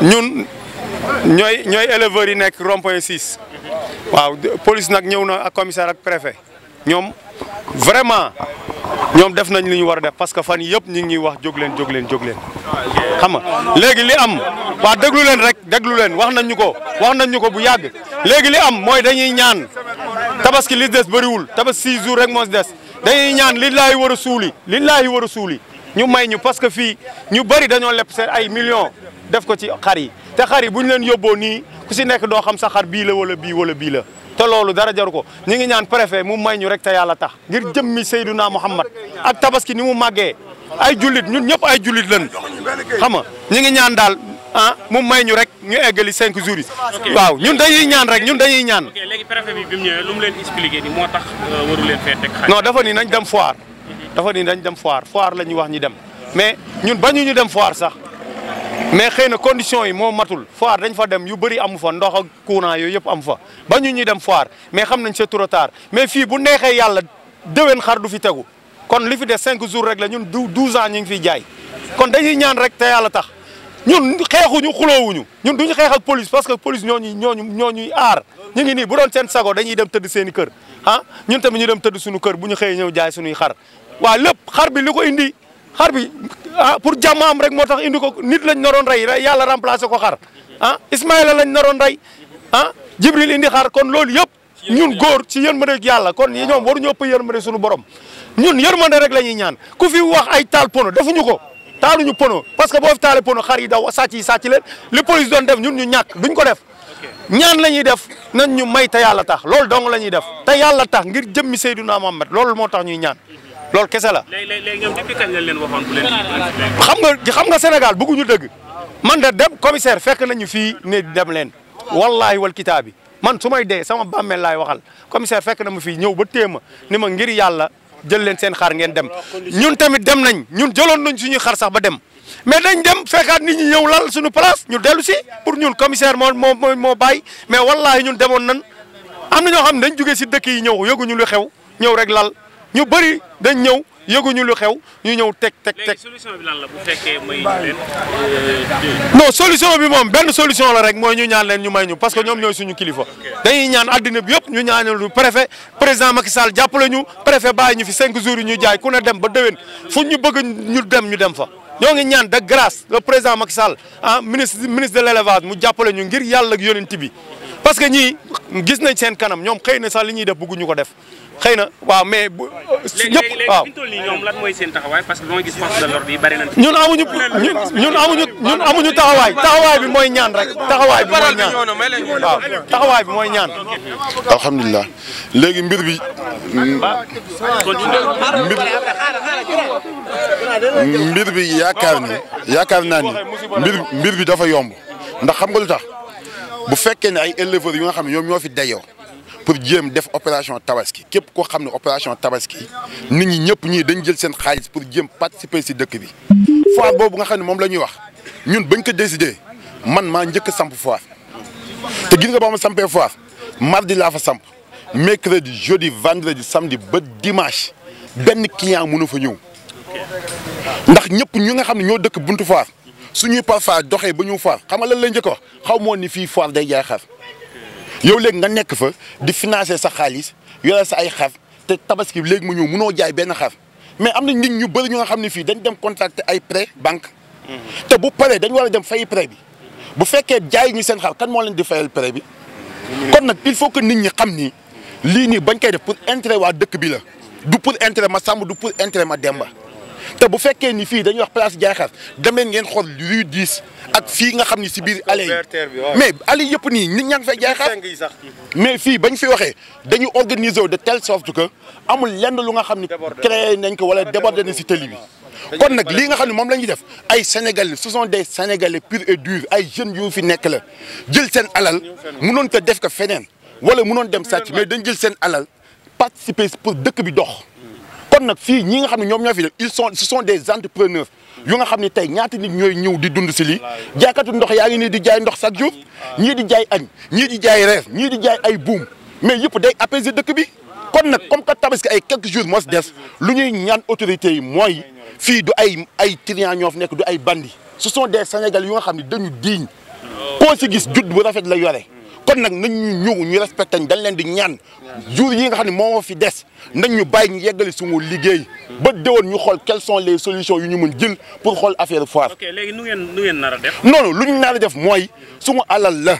ñun ñooy ñooy éleveurs yi nekk rond point 6 waaw police nag ñëw na ak commissaire ak préfet ñoom vraiment ñoom def nañ li ñu war a def parce que fan yëpp ñu ngi ñuy wax jóg leen jóg leen jóg xam nga léegi li am waa déglu leen rek déglu leen wax nañ ñu ko wax nañ ñu ko bu yàgg léegi li am mooy dañuy ñaan tabaski li des bëriwul tabaski si jours rek moo des dañuy ñaan li war a suuli li laay war a suuli ñu may ñu parce que fii ñu bëri dañoo lepp seen ay millions def ko ci xar yi te xar yi bu ñu leen yóbboo nii ku si nekk doo xam sa xar bii la wala bii wala bii la te loolu dara jaru ko ñu ngi ñaan préfet mu may ñu rek te yàlla tax ngir jëmmi Seydouna Muhammad ak tabaski ni mu màggee ay jullit ñun ñëpp ay jullit lañ xam nga ñu ngi ñaan daal ah mu may ñu rek ñu eggali cinq jours waaw ñun dañuy ñaan rek ñun dañuy ñaan. ok léegi préfet bi bi mu ñëwee lu mu leen expliqué euh, dafa ni nañ dem ar dafa nii nañ dem foire foire la ñuy wax ñu dem mais ñun ba ñu ñu dem foire sax mais xëy na condition yi moo matul foire dañ fa dem yu bëri amu fa ndox ak courant yooyu yëpp amu fa ba ñu ñuy dem foire mais xam nañ c'est trop tard mais fii bu neexee yàlla déwén xar du fi tegu kon li fi des cinq jours rek la ñun du douze ans ñu ngi fiy jaay kon dañuy ñaan rek te yàlla tax ñun xeexuñu xuloowuñu ñun duñu xeex ak police parce que police ñooñu ñooñu ñooñuy aar ñu ngi nii bu doon seen sago dañuy dem tëdd seen i kër ah ñun tamit ñu dem tëdd suñu kër bu ñu xëyee ñëw jaay suñuy xar ko indi xar bi ah pour jàmm rek moo tax indi ko nit lañ naroon rey yàlla remplacé ko xar ah Ismaïla lañ naroon rey ah Jibril indi xar kon loolu yëpp ñun góor ci yërmande yàlla kon ñoom waruñu ëpp yërmande suñu borom ñun yërmande rek la ñuy ñaan ku fi wax ay taal pono defuñu ko ñu pono parce que boo fi pono xar yi daw sàcc yi sàcc leen li police doon def ñun ñu ñàkk duñ ko def ñaan la ñuy def nañ ñu may te yàlla tax loolu dong la ñuy def te yàlla tax ngir jëmmi Seydina Muhammad loolu moo tax ñuy ñaan loolu kese la. léeg-léeg ñoom depuis leen waxoon xam nga xam nga Sénégal bëgguñu dëgg man de dem commissaire fekk nañu fii ne dem leen wallaahi wal kitaabi man su may dee sama bàmmeel laay waxal commissaire fekk na ma fii ñëw ba téema ni ma ngir yàlla jël leen seen xar ngeen dem ñun tamit dem nañ ñun jëloon nañ suñuy xar sax ba dem mais dañ dem fekkaat ni ñu ñëw lal suñu place ñu dellu si pour ñun commissaire moo moo moo bàyyi mais wallaahi ñun demoon nan am na ñoo xam ne dañ jógee si dëkk yi ñëw yëguñu lu xew ñëw rek lal ñu bëri dañ ñëw yëguñu lu xew ñu ñëw teg teg teg. solution bi la bu fekkee may leen euh, solution bi moom benn solution la rek mooy ñu ñaan leen ñu may ñu parce que ñoom ñooy suñu kilifa. dañuy ñaan addina bi yëpp ñu ñaanal lu préfet président Macky Sall jàppale ñu préfet bàyyi ñu fi cinq jours yi ñu jaay ku ne dem ba dewen fu ñu bëgg ñu dem ñu dem fa. ñoo ngi ñaan de grâce le président Macky Sall ah ministre ministre de l' mu jàppale ñu ngir yàlla ak yonent bi. parce que ñii gis nañ seen kanam ñoom xëy na sax li ñuy def bëgguñu ko def xëy na waaw mais. ñëpp waaw ñoom lan mooy seen taxawaay parce que gis force de l'ordre yi bari nañ ñun amuñu ñun amuñu ñun amuñu taxawaay taxawaay bi mooy ñaan rek taxawaay bi mooy ñaan waaw taxawaay bi mooy ñaan. alhamdulilah léegi mbir bi. mbir bi yaakaar ni yaakaar naa ni mbir mbir bi dafa yomb ndax xam nga lu tax. bu fekkee ne ay éleveurs yu nga xam ne ñoom ñoo fi dayoo pour jéem def opération tabaski képp koo xam ne opération tabaski nit ñi ñëpp ñii dañ jël seen xaalis pour jéem participer si dëkk bi foire boobu nga xam ne moom la ñuy wax ñun bañ ko décidé man maa njëkk samp foire te gin nga ba ma sampee foire mardi laa fa samp mercredi jeudi vendredi samedi ba dimanche benn client munu fa ñëw ndax ñëpp ñu nga xam ne ñoo dëkk buntu foire suñuy parfois doxee ba ñu foire xam nga lan lay njëkk wax xaw moo ni fii foire day jaay xar yow léegi nga nekk fa di financer sa xaalis yore sa ay xar te tabaski léegi mu ñëw munoo jaay benn xar mais am na nit ñu bëri ñu nga xam ne fii dañ dem contracter ay prêt banque te bu paree dañ war a dem fay prêt bi bu fekkee jaay ñu seen xar kan moo leen di fayal prêt bi kon nag il faut que nit ñi xam ni lii nii bañ koy def pour intérêt waa dëkk bi la du pour intérêt ma Samba du pour intérêt ma Demba te bu fekkee ni fii dañuy wax place Jaay Xaas demeen ngeen xool rue 10 ak fii nga xam ni si biir allée yi mais allée yëpp nii nit ñaa ngi fay Jaay Xaas mais fii bañ fi waxee dañu organiser wu de telle sorte que amul lenn lu nga xam ni créé nañ ko wala déborder na si tëli bi kon nag lii nga xam ne moom la def ay sénégal ce sont des sénégalais purs et durs ay jeunes yu fi nekk la jël seen alal munoon ko def ko feneen wala munoon dem sàcc mais dañ jël seen alal participer pour dëkk bi dox kon nag fii ñi nga xam ne ñoom ñoo fi def ils sont ce sont des entrepreneurs yu nga xam ni tey ñaata nit ñooy ñëw di dund si lii jaaykatu ndox yaa ngi nii di jaay ndox chaque jour ñii di jaay añ ñii di jaay reer ñii di jaay ay buum mais yëpp day apaiser dëkk bi kon nag comme que ki ay quelques jours mos des lu ñuy ñaan autorités yi mooy fii du ay ay trian ñoo fi nekk du ay bandi ce sont des sénégalais yu nga xam ne dañu diiñ koo si gis judd bu rafet la yore kon nag nañ ñu ñëw ñu respecté dañ leen di ñaan jour yi nga xam ne moo fi des nañ ñu bàyyi ñu yeggali sungu liggéey ba déwoon ñu xool quelles son les solutions yu ñu mun jël pour xool affaire foire. ok léegi nu ngeen nu ngeen nar a lu ñu nar def mooy suñu alal la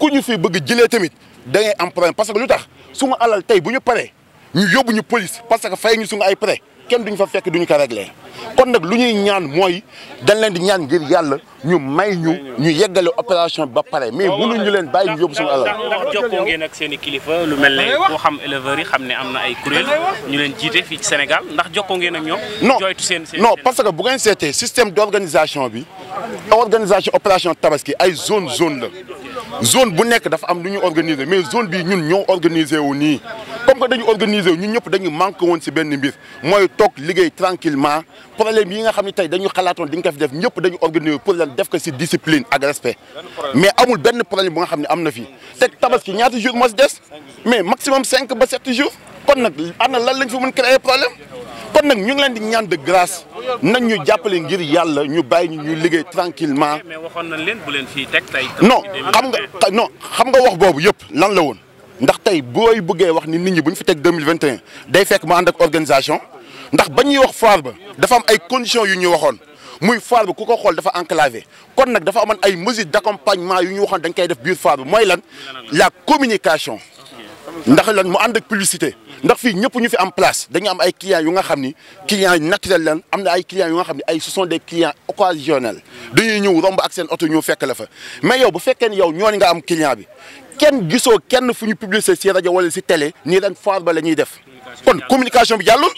ku ñu fi bëgg jëlee tamit da ngay am parce que lu tax suñu alal tey bu ñu paree ñu yóbbu ñu police parce que fay ñu suñu ay prêt kenn duñ fa fekk duñu ko réglé. kon nag lu ñuy ñaan mooy dañ leen di ñaan ngir yàlla ñu may ñu ñu yeggale opération ba pare mais mënuñu leen bàyyi ñu yóbbu suñu alal. ndax jokkoo ngeen ak seen i kilifa lu mel ne koo xam éleveurs yi xam ne am na ay kuréel ñu leen jiite fii Sénégal ndax jokkoo ngeen ak ñoom. no seen non parce que bu ngeen seetee système d' organisation bi organisation opération tabaski ay zone zone la zone bu nekk dafa am lu ñu organiser mais zone bi ñun ñoo organiser wu nii. comme que dañu ñun ñëpp dañu manqué woon si benn mbir mooy toog liggéey tranquillement problème yi nga xam ne tey dañu xalaatoon di nga ko def ñëpp dañu organiser pour leen def ko si discipline ak mais amul benn problème bu nga xam ne am na fii teg tabaski ñaata jour moo des mais maximum cinq ba sept jours kon nag ana lan lañ fi mën créer problème kon nag ñu ngi leen di ñaan de grace nañ ñu jàppale ngir yàlla ñu bàyyi ñu liggéey tranquillement mais waxoon nañ leen bu leen xam nga non xam nga wax boobu yëpp lan la woon ndax tey booy bëggee wax ni nit ñi bu ñu fi teg 2021 day fekk mu ànd ak organisation ndax ba ñuy wax foire ba dafa am ay conditions yu ñu waxoon muy foire ba ku ko xool dafa enclavé kon nag dafa amoon ay mesures d'accompagnement yu ñu waxoon dañ koy def biir foire bi mooy lan la communication ndax lan mu ànd ak publicité ndax fii ñëpp ñu fi am place dañu am ay clients yu nga xam ni clients naturels lan am na ay clients yu nga xam ni ay ce sont des clients occasionnels dañuy ñëw romb ak seen oto ñëw fekk la fa mais yow bu fekkee ni yow ñooñu nga am client bi kenn gisoo kenn fu ñu publier si rajo wala si télé nii ren foire ba la ñuy def kon communication bi jàllul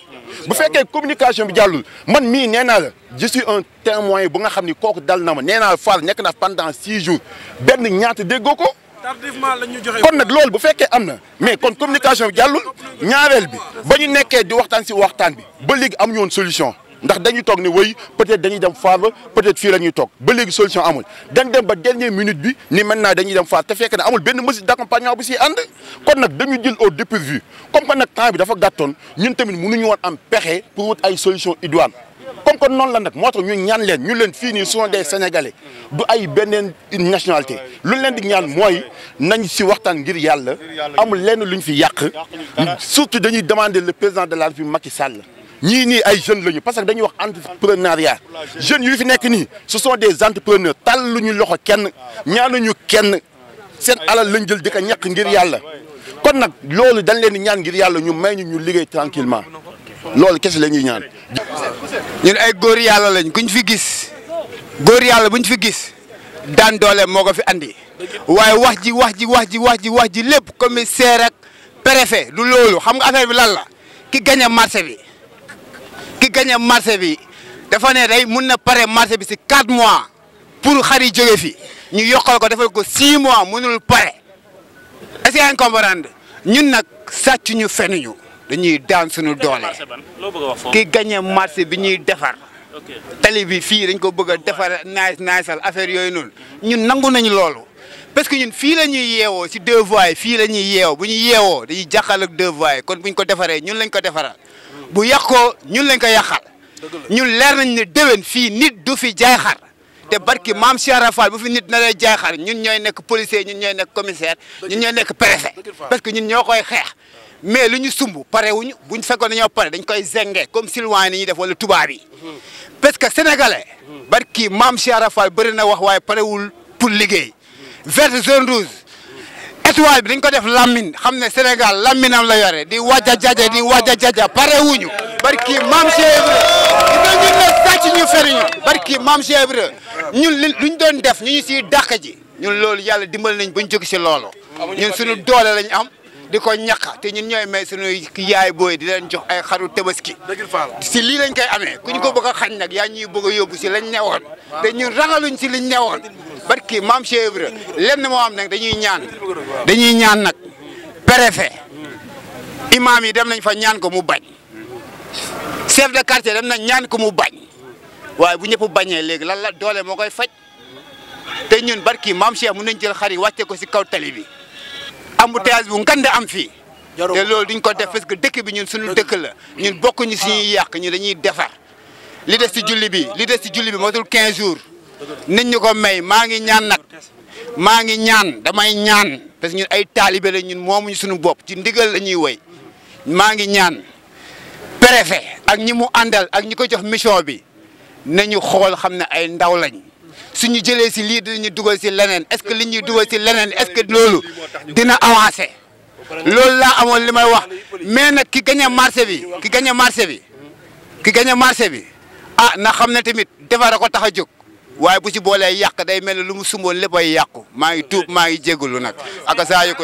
bu fekkee communication bi jàllul man mii nee naa la je un témoin bu nga xam ni kooku dal na ma nee naa la foire nekk na pendant six jours benn ñaata déggoo ko tardivement ñu joxe kon nag loolu bu fekkee am na mais kon communication bi jàllul ñaareel bi ba ñu nekkee di waxtaan si waxtaan bi ba léegi am ñoon solution ndax dañuy toog ni wéy peut-être dañuy dem ba peut-être fii la ñuy toog ba léegi solution amul dañ dem ba dernière minute bi ni maintenant dañuy dem faar te fekk ne amul benn mesure d'accompagnement bu siy ànd kon nag dañu jël au dépourvu comme que nag temps bi dafa gàttoon ñun tamit mënuñu woon am pexe pour wut ay solution idoine comme que noonu la nag moo tax ñu ñaan leen ñu leen fii nii ce sont des sénégalais du ay beneen nationalité luñ leen di ñaan mooy nañ si waxtaan ngir yàlla amul lenn luñ fi yàq surtout dañuy demander le président de la République Macky Sall ñii nii ay jeunes la ñu parce que dañuy wax entrepreneuriat jeunes yu fi nekk nii ce sont des entrepreneurs tal lu ñu loxo kenn ñaan ñaanuñu kenn seen alal lañ jël di ko ñàkk ngir yàlla kon nag loolu dañ leen di ñaan ngir yàlla ñu may ñu ñu liggéey tranquillement loolu kese la ñuy ñaan. ñun ay góor yàlla lañ kuñ fi gis góor yàlla ñu fi gis daan doole moo ko fi andi waaye wax ji wax ji wax ji wax ji wax ji lépp commissaire ak préfet du loolu xam nga affaire bi lan la ki gaña a bi. ki gagné marché bi dafa ne rey mun na pare marché bi si quatre mois pour xar yi jóge fi ñu yokkal ko defal ko si mois mënul pare est-ce que comprendre ñun nag sàcc ñu fenuñu dañuy daan suñu doole ki gagné marché bi ñuy defar tali bi fii dañ ko bëgg a defar naaj naajsal affaire yooyu noonu ñun nangu nañu loolu parce que ñun fii la ñuy yeewoo si deux voies fii la ñuy yeewoo bu ñu yeewoo dañuy jàkkaarloog deux voies kon buñ ko defaree ñun lañ ko defaral bu yàqoo ñun lañ ko yàqal ñun leer nañ ne déwén fii nit du fi jaay xar te barki maam Cheikh Rafal bu fi nit na lay jaay xar ñun ñooy nekk policier ñun ñooy nekk commissaire ñun ñooy nekk préfet parce que ñun ñoo koy xeex mais lu ñu sumb pare wuñu buñ fekkoon nañoo pare dañ koy zengee comme silwaan yi ñuy def wala tubaab perce parce que sénégalais barki maam Cheikh Rafal bëri na wax waaye parewul pour liggéey verte zone rouge victoire bi dañ ko def Lamine xam ne senegal Laminam la yore di wàjja jaja di wàjja jaja pare wuñu barki maam Cheikh Ibra ñun la sàcc ñu feriñu barki maam ñun li luñ doon def ñu ñu si dàq ji ñun loolu yàlla dimbal nañ bañ jóg si loolu ñun suñu doole lañ am di ko ñàkk te ñun ñooy may suñuy yaay booy di leen jox ay xaru tabaski si lii lañ koy ame ku ñu ko bëgg xañ nag yaa ñuy bëgg yóbbu si lañ newoon te ñun ragaluñ si liñ newoon barki maam Cheikh Ibra lenn moo am nag dañuy ñaan dañuy ñaan nag préfet imam yi dem nañ fa ñaan ko mu bañ chef de quartier dem nañ ñaan ko mu bañ waaye bu ñëpp bañee léegi lan la doole moo koy faj te ñun barki maam Cheikh mun nañ jël xar yi wàcce ko si kaw tali bi embouteillage bu ngande am fii te loolu duñ ko def parce que dëkk bi ñun suñu dëkk la ñun bokkuñu si ñuy yàq ñu dañuy defar li des si julli bi li des si julli bi moo matul 15 jours nit ñu ko may maa ngi ñaan nag maa ngi ñaan damay ñaan parce ay taalibe la ñun moomuñu suñu bopp ci ndigal la ñuy woy maa ngi ñaan préfet ak ñi mu àndal ak ñi ko jox mission bi nañu xool xam ne ay ndaw lañ suñu jëlee si lii dinañu dugal si leneen est-ce que li ñuy dugal si leneen est-ce que loolu dina avancer loolu laa amoon li wax mais nag ki gañ a marché bi ki gañ a marché bi ki gañ a marché bi ah na xam ne tamit defar ko tax a jóg waaye bu ci boolee yàq day mel ne lu mu sumboon lépp yàqu maa ngi tuub maa ngi jégalu nag ak saa yu